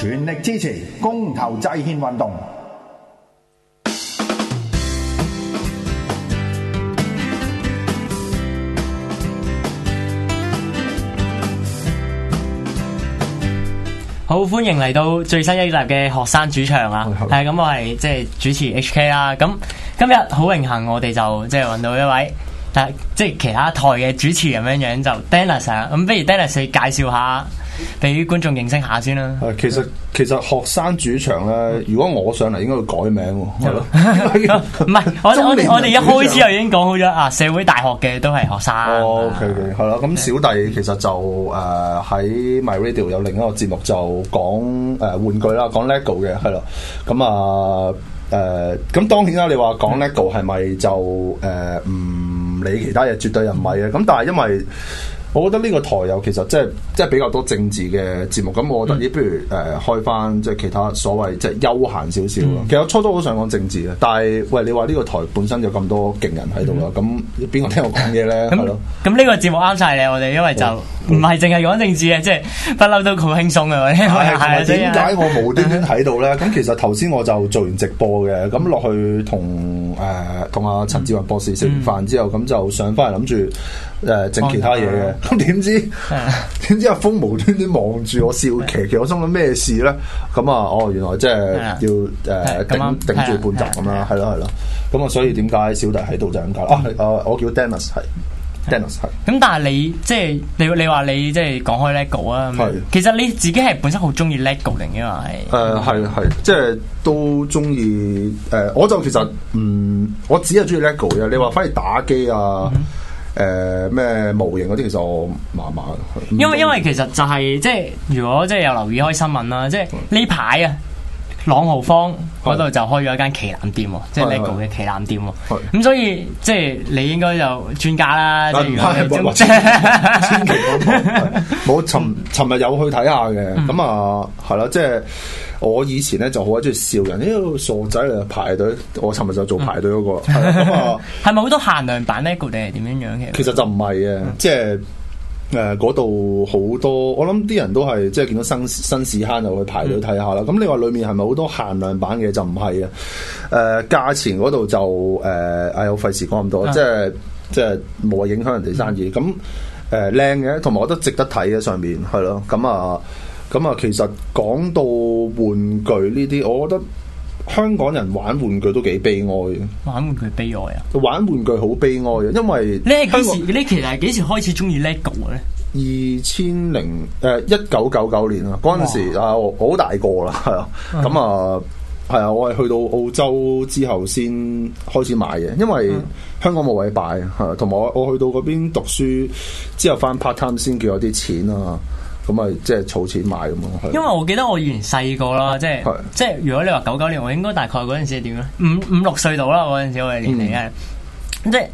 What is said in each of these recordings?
全力支持公投制憲運動。好，歡迎嚟到最新一集嘅學生主場啊！係咁、 嗯，我係即係主持 HK 啦、嗯。咁今日好榮幸，我哋就即係搵到一位，但即係其他台嘅主持人咁樣樣就是、Dennis 啊。咁不如 Dennis 介紹下。俾觀眾認識下先啦。誒，其實其實學生主場咧，如果我上嚟，應該會改名係咯。唔係， 我我我哋一開始就已經講好咗啊。社會大學嘅都係學生、啊哦。哦，OK，係、okay, 啦。咁小弟其實就誒喺、呃、My Radio 有另一個節目就講誒、呃、玩具啦，講 LEGO 嘅係啦。咁啊誒，咁、呃呃、當然啦，你話講 LEGO 係咪就誒唔理其他嘢，絕對唔係嘅。咁但係因為，我覺得呢個台有其實即係即係比較多政治嘅節目，咁我覺得咦，不如誒、呃、開翻即係其他所謂即係休閒少少咯。嗯、其實我初初好想講政治嘅，但係喂你話呢個台本身就咁多勁人喺度啦，咁邊個聽我講嘢咧？係咯、 嗯，咁呢個節目啱晒你我哋，因為就唔係淨係講政治嘅，就是嗯、即係不嬲都好輕鬆嘅。係係點解我無端端喺度咧？咁 其實頭先我就做完直播嘅，咁落去同誒同阿陳志雲博士食完飯之後，咁就、嗯、上翻嚟諗住。誒，整其他嘢嘅，咁點知點知阿峰無端端望住我笑，其其我心諗咩事咧？咁啊，哦，原來即係要誒頂頂住半集咁啦，係咯係咯。咁啊，所以點解小弟喺度就咁解？哦，哦，我叫 Dennis 係，Dennis 係。咁但係你即係你你話你即係講開 Lego 啊？其實你自己係本身好中意 Lego 嚟嘅嘛？誒，係系，即係都中意誒，我就其實唔，我只係中意 Lego 嘅。你話反而打機啊？誒咩模型嗰啲其實我麻麻嘅，因為因為其實就係即係如果即係有留意開新聞啦，即係呢排啊朗豪坊嗰度就開咗一間旗艦店，即係 LEGO 嘅旗艦店喎。咁所以即係你應該就專家啦，即係如果千祈千祈冇尋尋日有去睇下嘅，咁啊係啦，即係。我以前咧就好鬼中意笑人，呢、欸那個傻仔嚟排隊，我尋日就做排隊嗰、那個。咁啊、嗯，係咪好多限量版呢？定係點樣樣嘅？其實就唔係嘅，嗯、即係誒嗰度好多，我諗啲人都係即係見到新新屎坑就去排隊睇下啦。咁、嗯、你話裏面係咪好多限量版嘅？呃、就唔係啊。誒，價錢嗰度就誒，唉，我費事講咁多，嗯、即係即係冇話影響人哋生意。咁誒靚嘅，同、嗯、埋、嗯嗯嗯、我覺得值得睇嘅上面係咯，咁啊。咁啊，其實講到玩具呢啲，我覺得香港人玩玩具都幾悲哀嘅。玩玩具悲哀啊！玩玩具好悲哀啊！因為呢係幾時？港你其實係幾時開始中意 Lego 嘅咧？二千零誒一九九九年啊，嗰陣時哇啊，我好大個啦，係啊。咁、嗯、啊，係啊，我係去到澳洲之後先開始買嘅，因為香港冇位擺啊。同埋我我去到嗰邊讀書之後，翻 part time 先叫有啲錢啊。咁啊，即係儲錢買咁樣，因為我記得我以前細個啦，即係的即係，如果你話九九年，我應該大概嗰陣時係點咧？五五六歲到啦，嗰陣時我嘅年齡係、嗯，即係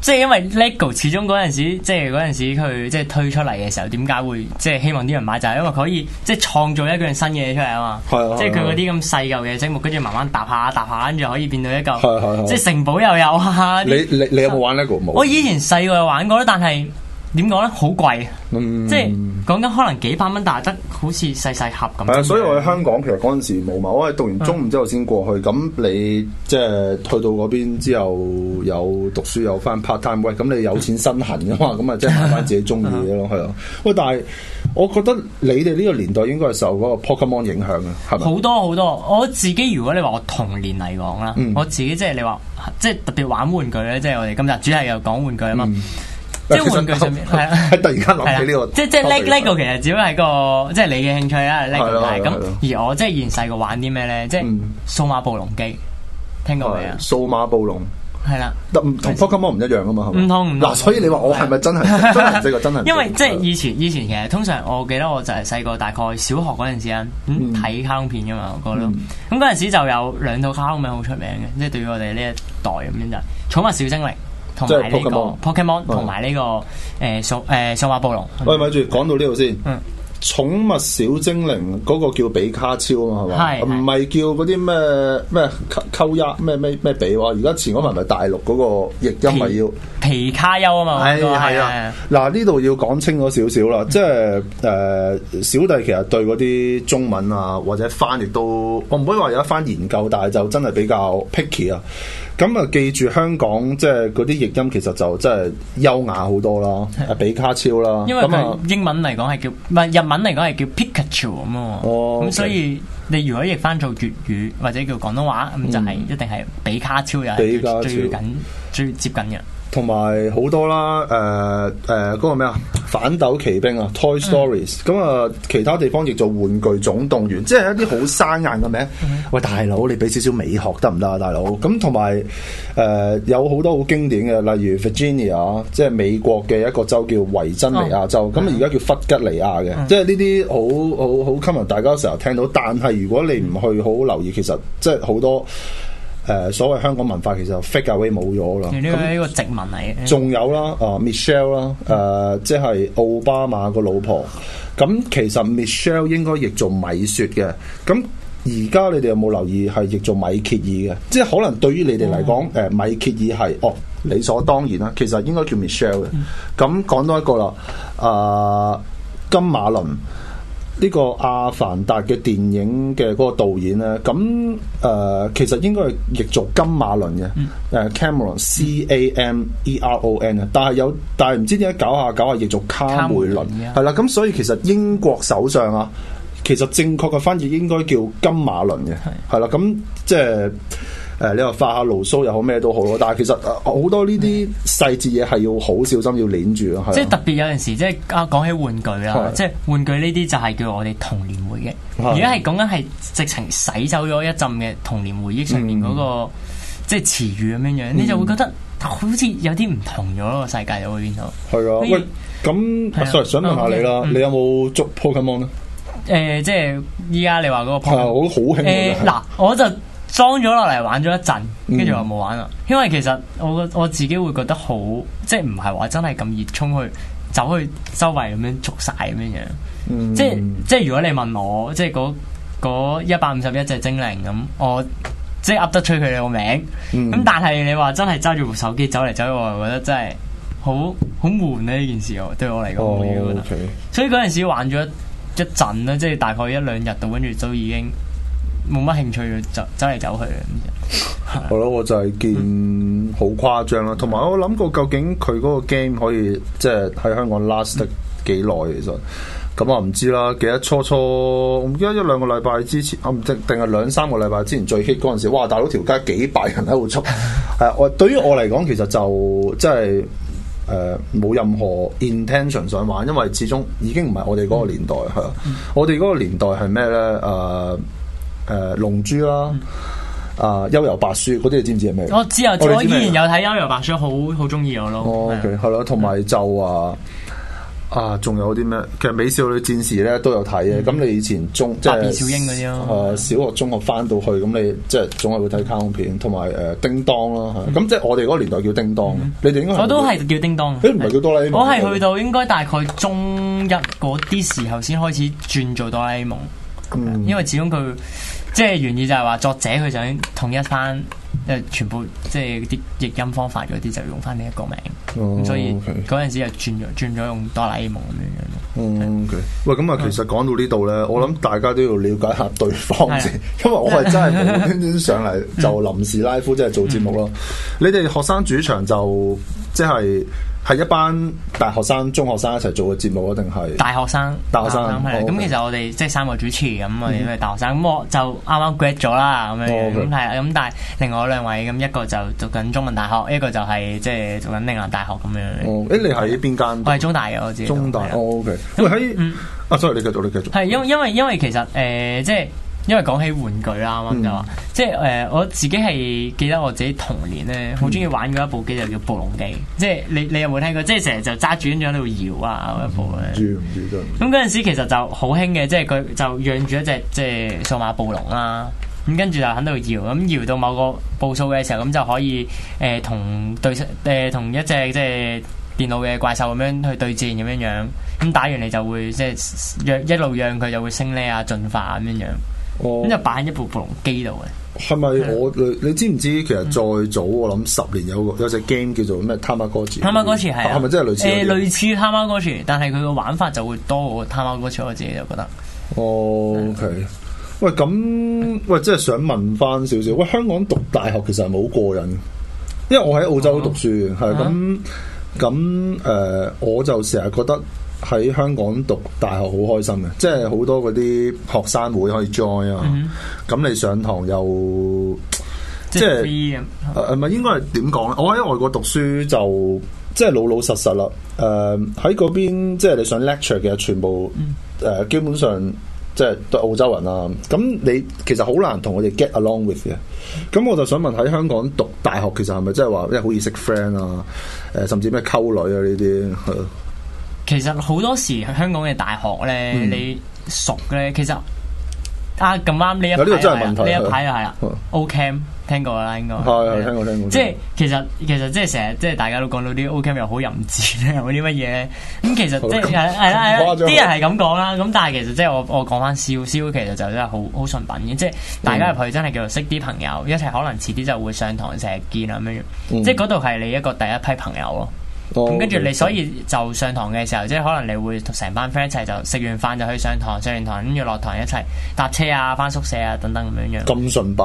即係因為 LEGO 始終嗰陣時，即係嗰陣時佢即係推出嚟嘅時候，點解會即係希望啲人買就係、是、因為可以即係創造一樣新嘢出嚟啊嘛！的即係佢嗰啲咁細嚿嘅積木，跟住慢慢搭下搭下，跟住可以變到一嚿，的的即係城堡又有、啊、你你有冇玩 LEGO？我以前細個有玩過啦，但係。點講咧，好貴，貴嗯、即係講緊可能幾百蚊，但係得好似細細盒咁。係的所以我喺香港其實嗰陣時冇買，我係讀完中五之後先過去。咁的你即係去到嗰邊之後有讀書有返 part time，喂，咁你有錢身痕噶嘛？咁啊，即係買返自己中意嘅咯，係啊，喂，但係我覺得你哋呢個年代應該係受嗰個 Pokemon、ok、影響嘅，係咪？好多好多，我自己如果你話我童年嚟講啦，嗯、我自己即係你話即係特別玩玩具咧，即係我哋今日主題又講玩具啊嘛。嗯即係玩具上面，係啊，突然間諗起呢個，即係即係呢呢個其實只不過係個，即係你嘅興趣啊，係呢個，係咁。而我即係以前細個玩啲咩咧？即係數碼暴龍機，聽過未啊？數碼暴龍係啦，同同 Pokemon 唔一樣啊嘛，唔通唔同。嗱，所以你話我係咪真係真係呢個真係？因為即係以前以前其實通常我記得我就係細個大概小學嗰陣時啊，睇卡通片噶嘛，我覺得。咁嗰陣時就有兩套卡通片好出名嘅，即係對於我哋呢一代咁樣就《寵物小精靈》。同埋呢個，Pokemon，同埋呢、嗯這個誒，數誒數碼暴龍。呃暴嗯、喂，咪住，講到呢度先。嗯寵物小精靈嗰個叫比卡超嘛，係嘛？唔係叫嗰啲咩咩溝溝一咩咩咩比喎？而家前嗰排咪大陸嗰個譯音咪要皮卡丘啊嘛？係啊，嗱呢度要講清楚少少啦，即係誒小弟其實對嗰啲中文啊或者翻譯都我唔可以話有一番研究，但係就真係比較 picky 啊。咁啊記住，香港即係嗰啲譯音其實就真係優雅好多啦，係比卡超啦。因為英文嚟講係叫唔係文嚟講係叫 Pikachu 咁喎，咁所以你如果譯翻做粵語或者叫廣東話，咁就係、是嗯、一定係比卡超又係最緊最接近嘅。同埋好多啦，誒誒嗰個咩啊？反斗奇兵啊，Toy Stories、嗯。咁啊，其他地方亦做玩具總動員，即係一啲好生硬嘅名。嗯、喂，大佬，你俾少少美學得唔得啊？大佬。咁同埋誒有好、呃、多好經典嘅，例如 Virginia 即係美國嘅一個州叫維珍尼亞州，咁啊、哦，而家叫弗吉尼亞嘅。嗯、即係呢啲好好好吸引大家成日聽到，但係如果你唔去好留意，嗯、其實即係好多。誒所謂香港文化其實 fix away 冇咗啦，咁呢個殖民嚟嘅。仲有啦，啊 Michelle 啦、啊，誒即係奧巴馬個老婆。咁其實 Michelle 應該譯做米雪嘅。咁而家你哋有冇留意係譯做米歇爾嘅？即係可能對於你哋嚟講，誒、嗯、米歇爾係哦理所當然啦。其實應該叫 Michelle 嘅。咁、嗯、講多一個啦，啊金馬倫，呢個《阿凡達》嘅電影嘅嗰個導演咧，咁誒、呃、其實應該係譯做金馬倫嘅，誒、嗯 uh, Cameron C A M E R O N 啊，但係有但係唔知點解搞下搞下，譯做卡梅倫嘅係啦，咁、啊、所以其實英國首相啊，其實正確嘅翻譯應該叫金馬倫嘅，係啦、係啦，咁即係。誒，你話發下牢騷又好咩都好咯，但係其實好多呢啲細節嘢係要好小心，要捻住咯，係。即係特別有陣時，即係講起玩具啊，即係玩具呢啲就係叫我哋童年回憶。而家係講緊係直情洗走咗一陣嘅童年回憶上面嗰個即係詞語咁樣樣，你就會覺得好似有啲唔同咗個世界，會變咗。係啊，喂，咁想想問下你啦，你有冇捉 Pokemon 咧？誒，即係依家你話嗰個 Pokemon，係啊我好興誒，嗱，我就。裝咗落嚟玩咗一陣，跟住又冇玩啦。嗯、因為其實我我自己會覺得好，即係唔係話真係咁熱衷去走去周圍咁樣捉晒咁樣樣、嗯。即係即係如果你問我，即係嗰一百五十一隻精靈咁、嗯，我即係噏得出佢哋個名。咁但係你話真係揸住部手機走嚟走去，我又覺得真係好好悶咧呢件事，我對我嚟講、哦 okay。所以嗰陣時玩咗一陣啦，即係大概一兩日到，跟住都已經。冇乜興趣，走走嚟走去嘅。係咯， 我就係見好誇張啦。同埋我諗過，究竟佢嗰個 game 可以即係喺香港 last 得幾耐？其實咁啊，唔知啦。記得初初，唔記得一兩個禮拜之前，啊唔知定係兩三個禮拜之前最 hit 嗰陣時，哇！大佬條街幾百人喺度出。係、啊、我對於我嚟講，其實就即係誒冇任何 intention 想玩，因為始終已經唔係我哋嗰個年代係啦、嗯啊。我哋嗰個年代係咩咧？誒、啊。誒龍珠啦，啊悠遊白書嗰啲你知唔知係咩？我知啊，我以前有睇悠遊白書，好好中意我咯。OK，係咯，同埋就話啊，仲有啲咩？其實美少女戰士咧都有睇嘅。咁你以前中即係小英咁樣。誒小學、中學翻到去，咁你即係總係會睇卡通片，同埋誒叮當啦。咁即係我哋嗰個年代叫叮當，你哋應該我都係叫叮當。誒唔係叫哆啦 A 夢。我係去到應該大概中一嗰啲時候先開始轉做哆啦 A 夢，因為始終佢。即係原意就係話作者佢想統一翻，即係全部即係啲譯音方法嗰啲就用翻呢一個名，嗯、所以嗰陣 okay. 時又轉咗轉咗用《哆啦 A 夢》咁樣咯。嗯，okay. 對喂咁啊，其實講到呢度咧，嗯、我諗大家都要了解下對方先，嗯、因為我係真係無端端上嚟就臨時拉夫即係做節目咯。嗯、你哋學生主場就即係。就是就是係一班大學生、中學生一齊做嘅節目啊？定係大學生？大學生係咁，其實我哋即係三個主持咁啊，因為大學生咁，我就啱啱 grad 咗啦，咁樣咁係咁，但係另外兩位咁，一個就讀緊中文大學，一個就係即係讀緊嶺南大學咁樣。哦，你喺邊間？我係中大嘅，我知。中大，OK。咁喺啊，sorry，你繼續，你繼續。係，因因為因為其實誒，即係。因為講起玩具啦，咁、嗯、就即係誒，我自己係記得我自己童年咧，好中意玩嗰一部機就叫暴龍機。嗯、即係你你有冇聽過？即係成日就揸住咁樣喺度搖啊一部嘅、啊。咁嗰陣時，其實就好興嘅，即係佢就養住一隻即係數碼暴龍啦、啊。咁跟住就喺度搖，咁、嗯、搖到某個步數嘅時候，咁、嗯、就可以誒、呃、同對誒、呃、同一隻即係電腦嘅怪獸咁樣去對戰咁樣樣。咁打完嚟就會即係讓一路讓佢就，就會升呢啊進化咁樣樣。咁就擺喺一部暴龍機度嘅，係咪？我你知唔知？其實再早我諗十年有個有隻 game 叫做咩《他媽哥池》，他媽哥池係係咪即係類似？誒，類似他媽哥池，但係佢個玩法就會多過他媽哥池。我自己就覺得。哦，OK。喂，咁喂，即係想問翻少少，喂，香港讀大學其實係咪好過癮？因為我喺澳洲讀書，係咁咁誒，我就成日覺得。喺香港讀大學好開心嘅，即係好多嗰啲學生會可以 join 啊。咁、mm hmm. 你上堂又即係唔係應該係點講咧？我喺外國讀書就即係老老實實啦。誒、呃，喺嗰邊即係你想 lecture 嘅全部誒、mm hmm. 呃，基本上即係對澳洲人啦、啊。咁你其實好難同佢哋 get along with 嘅。咁、mm hmm. 我就想問喺香港讀大學其實係咪即係話即係好易識 friend 啊？誒、呃，甚至咩溝女啊呢啲？ 其實好多時香港嘅大學咧，你熟咧，其實啊咁啱呢一排，呢一排就係啦。O Camp 聽過啦，應該聽過。即係其實其實即係成日即係大家都講到啲 O Camp 又好淫治咧，又啲乜嘢咧。咁其實即係，係啦係啦，啲人係咁講啦。咁但係其實即係我我講翻少少，其實就真係好好純品嘅。即係大家入去真係叫做識啲朋友，一齊可能遲啲就會上堂成日見啊咁樣。即係嗰度係你一個第一批朋友咯。跟住你，所以就上堂嘅時候，即係可能你會同成班 friend 一齊就食完飯就去上堂，上完堂跟住落堂一齊搭車啊，翻宿舍啊等等咁樣樣。咁純品？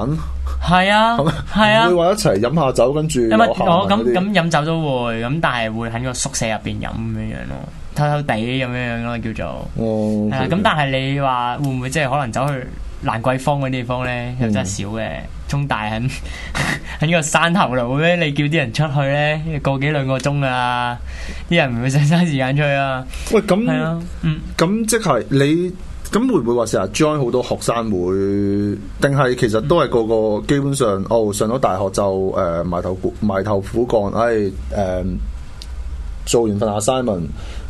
係啊，係啊，會唔會話一齊飲下酒跟住？咁啊，我咁咁飲酒都會，咁但係會喺個宿舍入邊飲咁樣樣咯，偷偷地咁樣樣咯，叫做。係啊，咁但係你話會唔會即係可能走去蘭桂坊嗰啲地方呢，又真係少嘅。咁大喺喺個山頭度咩？你叫啲人出去咧，個幾兩個鐘啊！啲人唔會使嘥時間出去啊。喂，咁，啊、嗯，咁即係你，咁會唔會話成日 join 好多學生會？定係其實都係個個基本上，嗯、哦，上咗大學就誒、呃，埋頭苦埋頭苦幹，唉、哎，誒、呃，做完份 assignment。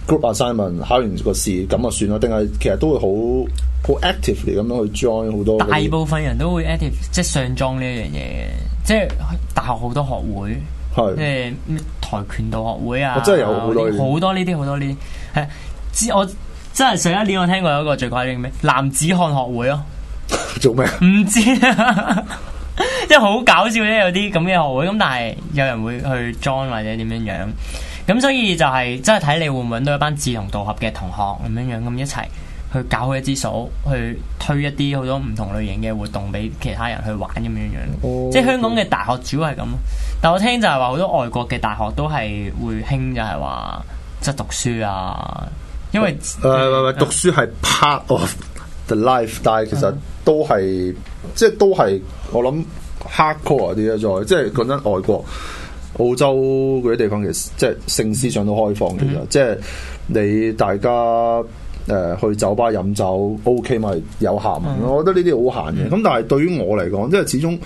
group assignment 考完個試咁啊算咯，定係其實都會好 actively 咁樣去 join 好多。大部分人都會 active，即係上莊呢樣嘢即係大學好多學會，是即係跆拳道學會啊。啊即啊啊我真係有好多，好多呢啲好多呢啲。係知我真係上一年我聽過有一個最怪嘅咩，男子漢學會咯。做咩？唔知，啊， 麼知 即係好搞笑咧，有啲咁嘅學會，咁但係有人會去 join 或者點樣樣。咁所以就係，真係睇你會唔會到一班志同道合嘅同學咁樣樣，咁一齊去搞一支數，去推一啲好多唔同類型嘅活動俾其他人去玩咁樣樣。Oh, okay. 即係香港嘅大學主要係咁，但我聽就係話好多外國嘅大學都係會興，就係話即係讀書啊，因為誒，唔係，uh, uh, uh, 讀書係 part of the life，uh, 但係其實都係，uh,，即係都係我諗 hard core 啲嘅，再即係講真外國。澳洲嗰啲地方其實即係性思想都開放，其實、嗯、即係你大家誒、呃、去酒吧飲酒 OK 嘛，有咸、嗯，我覺得呢啲好閒嘅。咁、嗯、但係對於我嚟講，即係始終誒、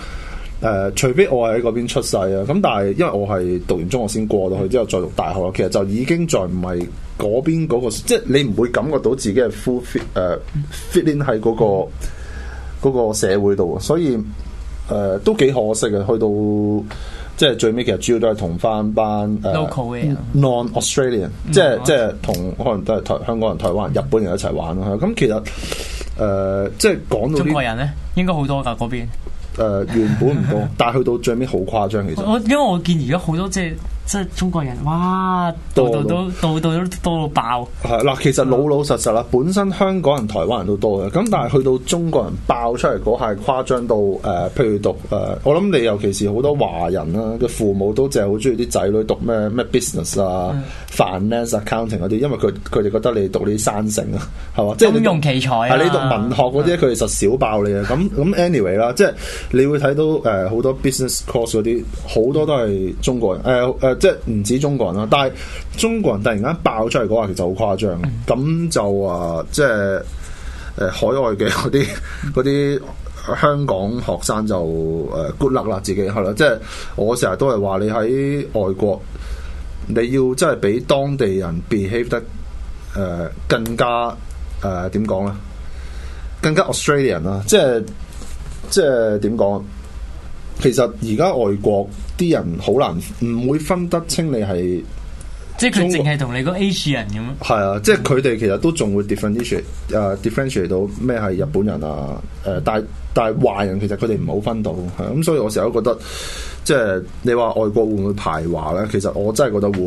呃，除非我係喺嗰邊出世啊。咁但係因為我係讀完中學先過到去，之後再讀大學，其實就已經再唔係嗰邊嗰個，即係你唔會感覺到自己係 full fit 誒、呃、fit in 喺嗰、那個嗰、那個社會度，所以誒、呃、都幾可惜嘅，去到。即係最尾，其實主要都係同翻班 local 嘅，non Australian， 即係即係同可能都係台香港人、台灣人、日本人一齊玩咯。咁其實誒，uh，即係講到中國人咧，應該好多㗎嗰邊、呃。原本唔多， 但係去到最尾好誇張其實。我因為我見而家好多即係。即係中國人，哇，度度都度度都多了到，到，到，到爆。係嗱，其實老老實實啦，本身香港人、台灣人都多嘅。咁但係去到中國人爆出嚟嗰下，誇張到誒、呃，譬如讀誒、呃，我諗你尤其是好多華人啦、啊，嘅父母都淨係好中意啲仔女讀咩咩 business 啊、嗯、finance、accounting 嗰啲，因為佢佢哋覺得你讀呢啲山城啊，係嘛？即係你係你讀文學嗰啲佢哋實少爆你啊。咁咁 anyway 啦，即係你會睇到誒好、呃、多 business course 嗰啲，好多都係中國人。誒、呃、誒。呃呃呃呃即係唔止中國人啦，但係中國人突然間爆出嚟嗰話，其實好誇張。咁、嗯、就話、啊、即係誒、呃、海外嘅嗰啲嗰啲香港學生就誒 good luck 啦，自己係啦。即係我成日都係話你喺外國，你要真係俾當地人 behave 得誒更加誒點講咧？更加、呃、更加 Australian 啦，即係即係點講其實而家外國啲人好難，唔會分得清你係。即係佢淨係同你個 Asian 咁咯？係樣啊，即係佢哋其實都仲會 differentiate，誒、uh，differentiate 到咩係日本人啊？誒、呃，但係但係華人其實佢哋唔好分到，咁、啊、所以我成日都覺得，即係你話外國會唔會排華咧？其實我真係覺得會，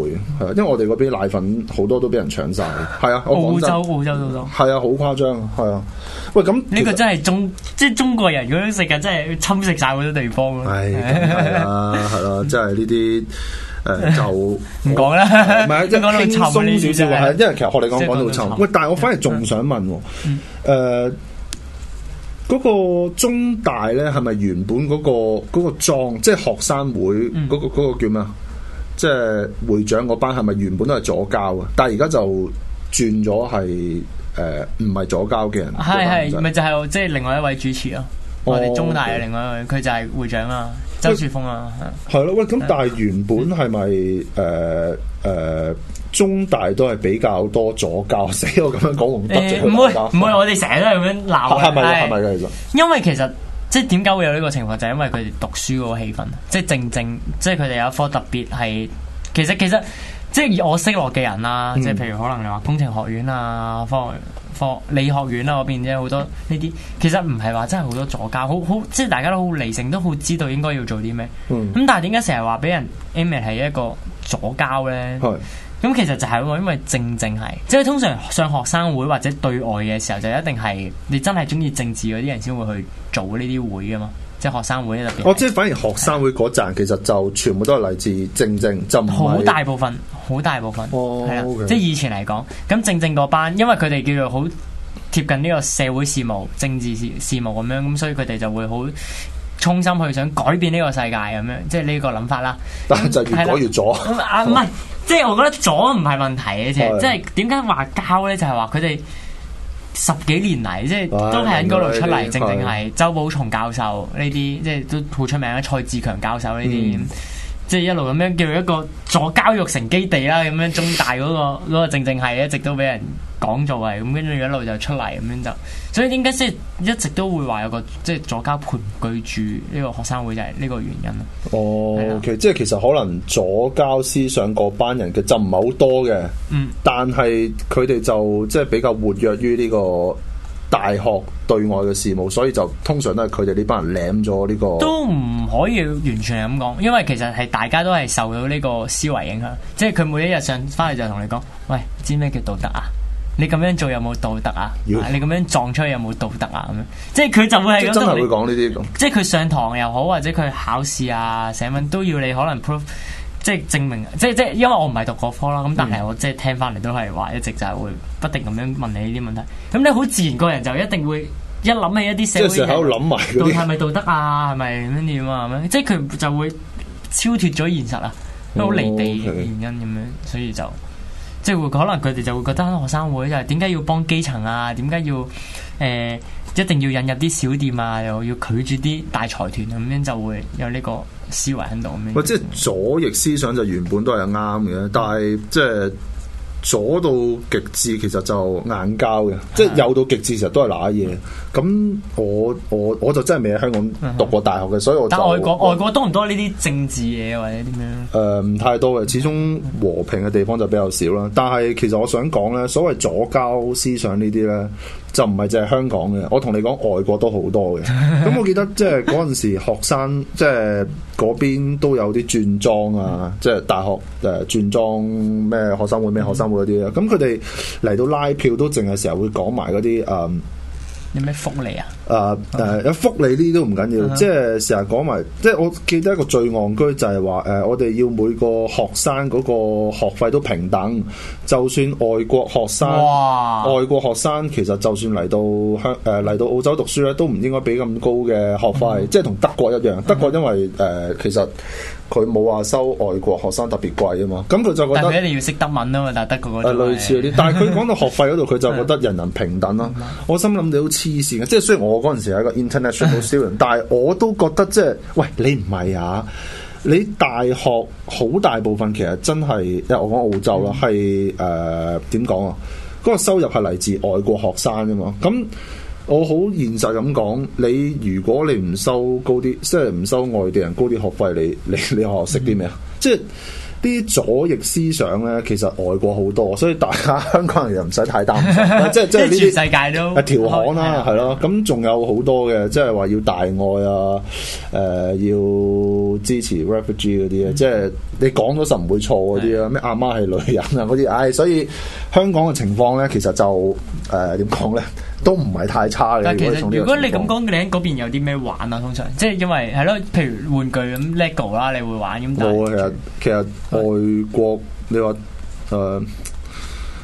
係啊，因為我哋嗰邊奶粉好多都俾人搶晒，係啊澳，澳洲澳洲都多，係啊，好誇張，係啊，喂，咁呢個真係中，即係中國人嗰種食嘅，真係侵蝕晒好多地方咯，係唉，係係啦，即係呢啲。就是誒、呃，就唔講咧，即係輕鬆少少話，因為其實學你講講到沉。喂，但係我反而仲想問，誒、嗯，嗰、呃那個中大咧，係咪原本嗰、那個嗰、那個莊，即係學生會嗰、那個、那個叫咩啊？嗯、即係會長嗰班係咪原本都係左膠啊？但係而家就轉咗係誒，唔、呃、係左膠嘅人。係係，咪就係即係另外一位主持啊？我哋中大嘅另外一位，佢就係會長啊。周雪峰啊，係咯 喂，咁但係原本係咪誒誒中大都係比較多左膠死我咁樣講，唔得罪佢哋講？唔、欸欸欸欸欸、會唔會，我哋成日都係咁樣鬧嘅，係咪？係咪？其實、哎，因為其實即係點解會有呢個情況，就係、是、因為佢哋讀書嗰個氣氛，即係正正，即係佢哋有一科特別係，其實其實即係以我識落嘅人啦，即係譬如可能你話工程學院啊，科學。科理學院啊嗰邊啫好多呢啲，其實唔係話真係好多左膠，好好即係大家都好理性，都好知道應該要做啲咩。咁、嗯、但係點解成日話俾人認為係一個左膠咧？咁是 其實就係因為正正係，即係通常上學生會或者對外嘅時候，就一定係你真係中意政治嗰啲人先會去做呢啲會噶嘛。即係學生會嗰邊，我、哦、即係反而學生會嗰陣，其實就全部都係嚟自正正，是的 就唔係好大部分，好大部分係啦、oh, okay.。即係以前嚟講，咁正正嗰班，因為佢哋叫做好貼近呢個社會事務、政治事事務咁樣，咁所以佢哋就會好衷心去想改變呢個世界咁樣，即係呢個諗法啦。但係就越改越左、嗯、 啊！唔係，即係我覺得左唔係問題嘅啫、oh, okay.，即係點解話交咧？就係話佢哋。十幾年嚟，即係都係喺嗰度出嚟，正正係周寶松教授呢啲，即係都好出名啦。蔡志強教授呢啲，嗯、即係一路咁樣叫一個助教育城基地啦，咁樣中大嗰、嗰個嗰個 正正係，一直都俾人。講座啊，咁跟住一路就出嚟咁樣就，所以點解即係一直都會話有個即係左膠盤踞住呢個學生會就係、是、呢個原因咯。哦，OK，的即係其實可能左膠思想嗰班人嘅就唔係好多嘅，嗯，但係佢哋就即係比較活躍於呢個大學對外嘅事務，所以就通常都係佢哋呢班人舐咗呢個都唔可以完全係咁講，因為其實係大家都係受到呢個思維影響，即係佢每一日上翻嚟就同你講，喂，知咩叫道德啊？你咁樣做有冇道德啊？要你咁樣撞出去有冇道德啊？咁樣，即係佢就會係咁。真係會講呢啲咁。即係佢上堂又好，或者佢考試啊、寫文都要你可能 prove，即係證明。即係即係，因為我唔係讀嗰科啦，咁但係我即係聽翻嚟都係話，一直就係會不停咁樣問你呢啲問題。咁你好自然，個人就一定會一諗起一啲社會諗埋係咪道德啊？係咪咩點啊？咁樣，即係佢就會超脫咗現實啊，都好離地嘅原因咁樣，哦 okay. 所以就。即係會可能佢哋就會覺得學生會，就係點解要幫基層啊？點解要，誒、呃、一定要引入啲小店啊？又要拒絕啲大財團咁，啊、樣就會有呢個思維喺度咁樣。即係左翼思想就原本都係啱嘅，嗯、但係即係。左到極致其實就硬膠嘅，的即係右到極致其實都係乸嘢。咁我我我就真係未喺香港讀過大學嘅，所以我但外國我外國多唔多呢啲政治嘢或者啲咩咧？呃，唔太多嘅，始終和平嘅地方就比較少啦。但係其實我想講咧，所謂左膠思想呢啲咧。就唔係淨係香港嘅，我同你講，外國都好多嘅。咁我記得即係嗰陣時學生 即係嗰邊都有啲轉裝啊， 即係大學誒轉裝咩學生會咩學生會嗰啲啊。咁佢哋嚟到拉票都淨係成日會講埋嗰啲誒，嗯、有咩福利啊？啊誒有福利呢啲都唔緊要，即係成日講埋，即係我記得一個最戇居就係話誒，我哋要每個學生嗰個學費都平等，就算外國學生，外國學生其實就算嚟到香誒嚟到澳洲讀書咧，都唔應該俾咁高嘅學費，即係同德國一樣。德國因為誒其實佢冇話收外國學生特別貴啊嘛，咁佢就覺得佢一定要識德文啊嘛，但係德國嗰類似嗰啲，但係佢講到學費嗰度，佢就覺得人人平等咯。我心諗你好黐線嘅，即係雖然我。ation 嗰陣時係一個 international student，但係我都覺得即係，喂你唔係啊！你大學好大部分其實真係，即我講澳洲啦，係誒點講啊？嗰個收入係嚟自外國學生啫嘛，咁。我好現實咁講，你如果你唔收高啲，即係唔收外地人高啲學費，你你你學識啲咩啊？嗯、即係啲左翼思想咧，其實外國好多，所以大家香港人又唔使太擔心， 即係即係呢啲世界都調行啦，係咯。咁仲有好多嘅，即係話要大愛啊，誒、呃、要支持 refugee 嗰啲咧，嗯、即係你講咗實唔會錯嗰啲啊，咩阿媽係女人啊嗰啲，唉、哎，所以香港嘅情況咧，其實就誒點講咧？呃都唔係太差嘅。但其實如果你咁講，你喺嗰邊有啲咩玩啊？通常即係因為係咯，譬如玩具咁，LEGO 啦，你會玩咁。我、哦、其實其實外國是的 你話誒、呃，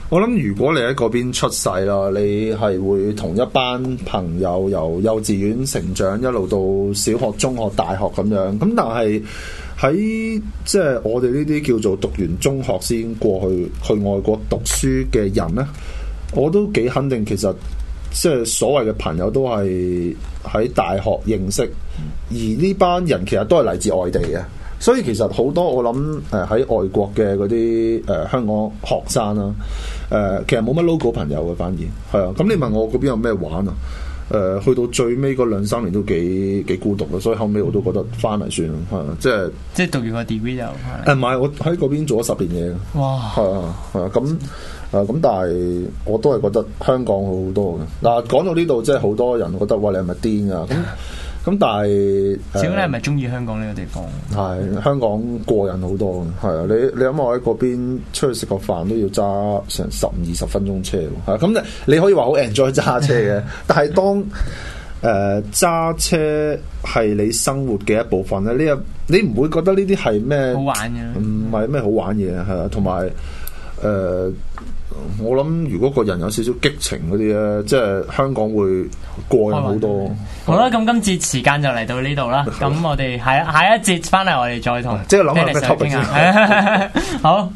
我諗如果你喺嗰邊出世啦，你係會同一班朋友由幼稚園成長，一路到小學、中學、大學咁樣。咁但係喺即係我哋呢啲叫做讀完中學先過去去外國讀書嘅人呢，我都幾肯定其實。即係所謂嘅朋友都係喺大學認識，而呢班人其實都係嚟自外地嘅，所以其實好多我諗誒喺外國嘅嗰啲誒香港學生啦、啊，誒、呃、其實冇乜 local 朋友嘅反而係啊。咁、嗯、你問我嗰邊有咩玩啊？誒、呃，去到最尾嗰兩三年都幾幾孤獨咯，所以後尾我都覺得翻嚟算啦、啊，即係即係讀完個 degree 誒，唔係、呃，我喺嗰邊做咗十年嘢。哇！係啊係啊，咁、啊。嗯嗯啊！咁但係我都係覺得香港好好多嘅。嗱，講到呢度，即係好多人覺得喂，你係咪癲啊？咁咁但係，主要你係咪中意香港呢個地方？係香港過癮好多嘅，係啊！你你諗下喺嗰邊出去食個飯都要揸成十二十分鐘車，吓咁你可以話好 enjoy 揸車嘅。但係當誒揸車係你生活嘅一部分咧，呢一你唔會覺得呢啲係咩？好玩嘅，唔係咩好玩嘢係啊？同埋誒。我諗如果個人有少少激情嗰啲咧，即係香港會過癮好多。嗯嗯、是好啦，咁今次時間就嚟到呢度啦。咁 我哋下下一節翻嚟，我哋再同 即係諗下個差別先。 好。